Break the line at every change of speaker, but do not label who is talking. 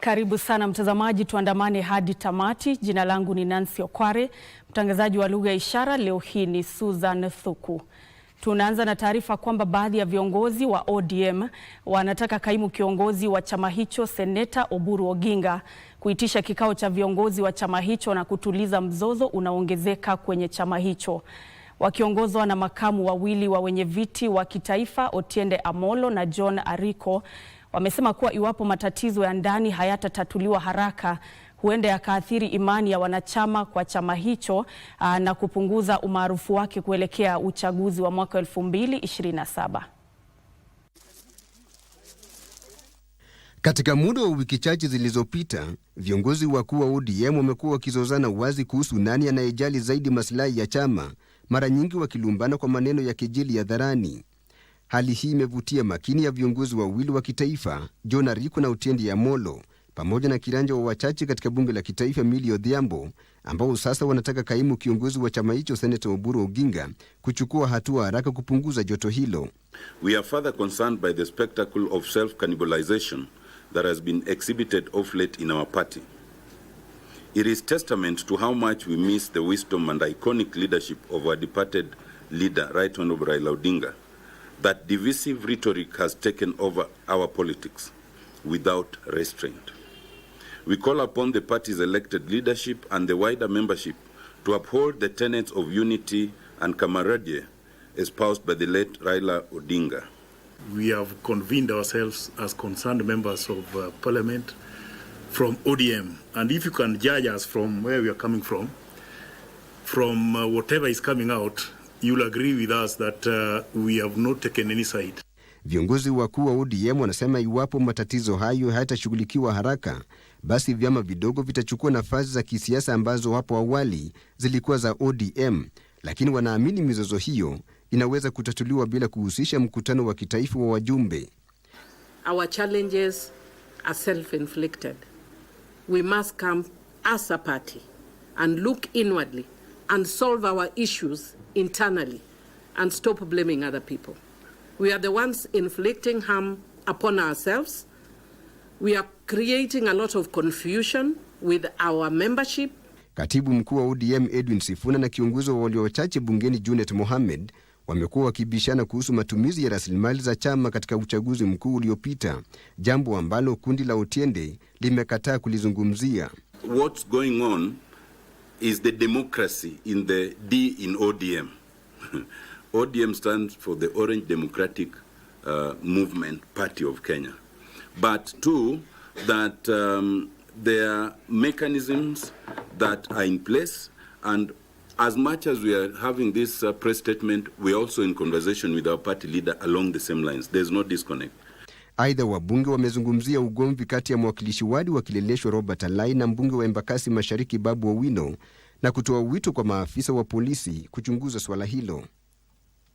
Karibu sana mtazamaji, tuandamane hadi tamati. Jina langu ni Nancy Okware, mtangazaji wa lugha ya ishara leo hii ni Susan Thuku. Tunaanza na taarifa kwamba baadhi ya viongozi wa ODM wanataka kaimu kiongozi wa chama hicho Seneta Oburu Oginga kuitisha kikao cha viongozi wa chama hicho na kutuliza mzozo unaoongezeka kwenye chama hicho. Wakiongozwa na makamu wawili wa wenye viti wa kitaifa Otiende amolo na John Ariko, Wamesema kuwa iwapo matatizo ya ndani hayatatatuliwa haraka huenda yakaathiri imani ya wanachama kwa chama hicho aa, na kupunguza umaarufu wake kuelekea uchaguzi wa mwaka 2027.
Katika muda wa wiki chache zilizopita, viongozi wakuu wa ODM wamekuwa wakizozana wazi kuhusu nani anayejali zaidi masilahi ya chama, mara nyingi wakilumbana kwa maneno ya kejeli hadharani. Hali hii imevutia makini ya viongozi wawili wa kitaifa, John riko na ya Amollo, pamoja na kiranja wa wachache katika bunge la kitaifa mili Odhiambo, ambao sasa wanataka kaimu kiongozi wa chama hicho Seneta Oburu Oginga kuchukua hatua haraka kupunguza joto hilo.
We are further concerned by the spectacle of self-cannibalization that has been exhibited of late in our party. It is testament to how much we miss the wisdom and iconic leadership of our departed leader, Right Honorable Raila Odinga. that divisive rhetoric has taken over our politics without restraint. We call upon the party's elected leadership and the wider membership to uphold the tenets of unity and camaraderie espoused by the late Raila Odinga.
We have convened ourselves as concerned members of uh, parliament from ODM. And if you can judge us from where we are coming from, from uh, whatever is coming out, you'll agree with us that uh, we have not taken any side.
Viongozi wakuu wa ODM wanasema iwapo matatizo hayo hayatashughulikiwa haraka, basi vyama vidogo vitachukua nafasi za kisiasa ambazo hapo awali zilikuwa za ODM, lakini wanaamini mizozo hiyo inaweza kutatuliwa bila kuhusisha mkutano wa kitaifa wa wajumbe.
Our challenges are self-inflicted. We must come as a party and look inwardly and solve our issues internally and stop blaming other people. We are the ones inflicting harm upon ourselves. We are creating a lot of confusion with our membership.
Katibu mkuu wa ODM Edwin Sifuna na kiongozi wa walio wachache bungeni Junet Mohamed wamekuwa wakibishana kuhusu matumizi ya rasilimali za chama katika uchaguzi mkuu uliopita, jambo ambalo kundi la Otiende limekataa kulizungumzia.
What's going on? is the democracy in the D in ODM. ODM stands for the Orange Democratic uh, Movement Party of Kenya. But two, that um, there are mechanisms that are in place and as much as we are having this uh, press statement, we're also in conversation with our party leader along the same lines. There's no disconnect.
Aidha, wabunge wamezungumzia ugomvi kati ya mwakilishi wadi wa Kileleshwa Robert Alai na mbunge wa Embakasi Mashariki Babu Owino na kutoa wito kwa maafisa wa polisi kuchunguza suala hilo.